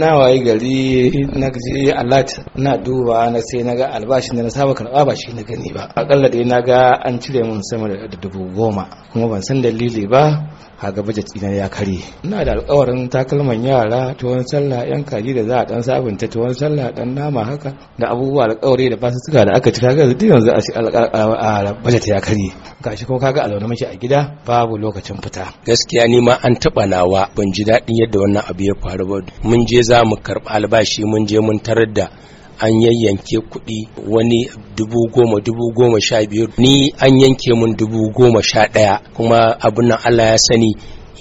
na waye gari na je alert na duba na sai na ga albashin da na saba karba ba shi na gani ba akalla dai na ga an cire mun sama da dubu goma kuma ban san dalili ba ga budget ina ya kare ina da alƙawarin takalman yara tuwon sallah yan kaji da za a dan sabunta tuwon sallah dan nama haka da abubuwa alƙawari da basu suka da aka cira ga duk yanzu a budget ya kare gashi ko kaga alauna mace a gida babu lokacin fita gaskiya ni ma an taba nawa ban ji daɗin yadda wannan abu ya faru ba mun je za mu karɓi albashi mun je mun tarar da an yayyanke kuɗi wani dubu goma dubu goma sha biyar ni an yanke mun dubu goma sha ɗaya kuma abin nan allah ya sani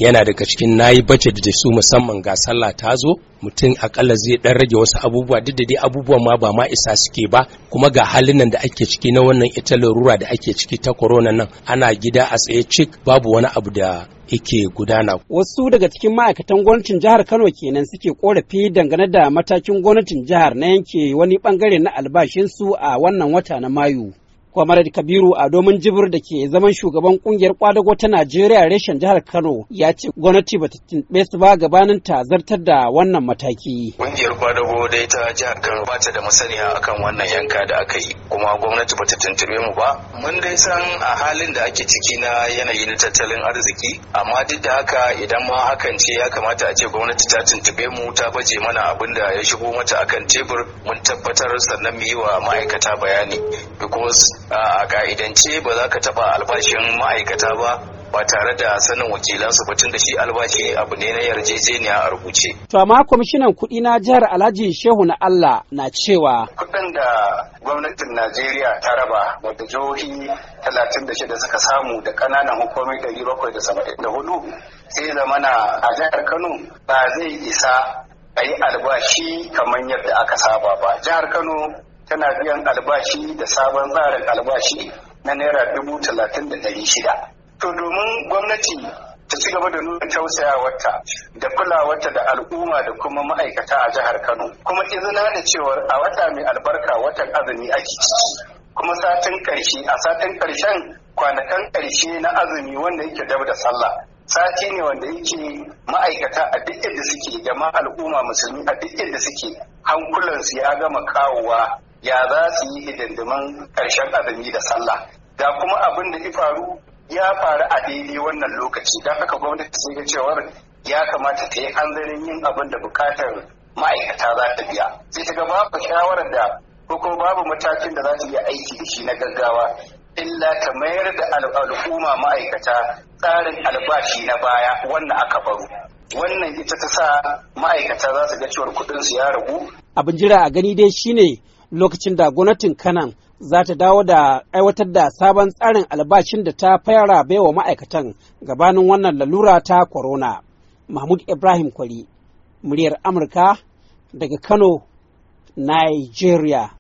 yana daga cikin nayi bace da su musamman ga sallah ta zo mutum akalla zai dan rage wasu abubuwa duk da dai abubuwan ma ba ma isa suke ba kuma ga halin nan da ake ciki na wannan italin ruwa da ake ciki ta corona nan ana gida a tsaye cik babu wani abu da yake gudana. Wasu daga cikin ma'aikatan gwamnatin jihar Kano kenan suke korafi dangane da matakin gwamnatin jihar na yanke wani bangare na albashinsu a wannan wata na Mayu. Kwamarar Kabiru a domin jibir da ke zaman shugaban kungiyar kwadago ta Najeriya reshen jihar Kano ya ce gwamnati ba ta tunɓe su ba gabanin ta zartar da wannan mataki. Kungiyar kwadago da ta jihar Kano ba ta da masaniya akan wannan yanka da aka yi kuma gwamnati ba ta tuntuɓe mu ba. Mun dai san a halin da ake ciki na yanayin tattalin arziki amma duk da haka idan ma hakan ce ya kamata a ce gwamnati ta tuntuɓe mu ta baje mana abin da ya shigo mata akan tebur mun tabbatar sannan mu yi wa ma'aikata bayani because a ka'idance ba za ka taba albashin ma'aikata ba ba tare da sanin su batun da shi albashi abu ne na yarjejeniya a rubuce. To amma kwamishinan kuɗi na jihar Alhaji Shehu na Allah na cewa. Kuɗin da gwamnatin Najeriya ta raba wadda jihohi talatin da shida suka samu da ƙananan hukumomi ɗari bakwai da saba'in da hudu sai zamana a jihar Kano ba zai isa a yi albashi kamar yadda aka saba ba. Jihar Kano tana biyan albashi da sabon tsarin albashi na naira dubu talatin da dari shida. To domin gwamnati ta ci gaba da nuna tausayawarta da kulawarta da al'umma da kuma ma'aikata a jihar Kano. Kuma izina da cewar a wata mai albarka watan azumi ake ciki. Kuma satin ƙarshe a satin ƙarshen kwanakan ƙarshe na azumi wanda yake dab da sallah. sati ne wanda yake ma'aikata a duk inda suke da al'umma musulmi a duk inda suke hankulansu ya gama kawowa ya za su yi hidindimin ƙarshen azumi da sallah da kuma abin da ya faru ya faru a daidai wannan lokaci don haka gwamnati sun ga cewar ya kamata ta yi hanzarin yin abin da bukatar ma'aikata za ta biya sai ta ga babu shawarar da ko kuma babu matakin da za ta iya aiki da shi na gaggawa illa ta mayar da al'umma ma'aikata tsarin albashi na baya wannan aka baro wannan ita ta sa ma'aikata za su ga cewar kuɗinsu ya ragu abin jira a gani dai shine lokacin da gwamnatin kanan za ta dawo da aiwatar da sabon tsarin albashin da ta fara baiwa ma'aikatan gabanin wannan lalura ta corona. Mahmud Ibrahim Kwari, muryar Amurka daga Kano, Nigeria.